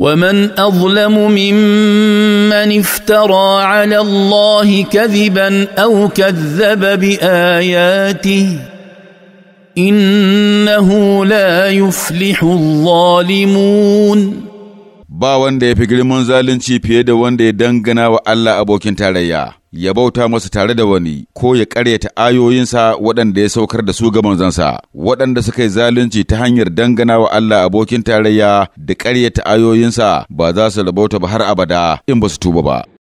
ومن اظلم ممن افترى على الله كذبا او كذب باياته انه لا يفلح الظالمون ba wanda ya fi girman zalunci fiye da wanda ya dangana wa Allah abokin tarayya, ya bauta masa tare da wani, ko ya ƙaryata ayoyinsa waɗanda ya saukar da su ga manzansa, waɗanda suka yi zalunci ta hanyar dangana wa Allah abokin tarayya da ƙaryata ayoyinsa ba za su rabauta ba har abada in ba su tuba ba.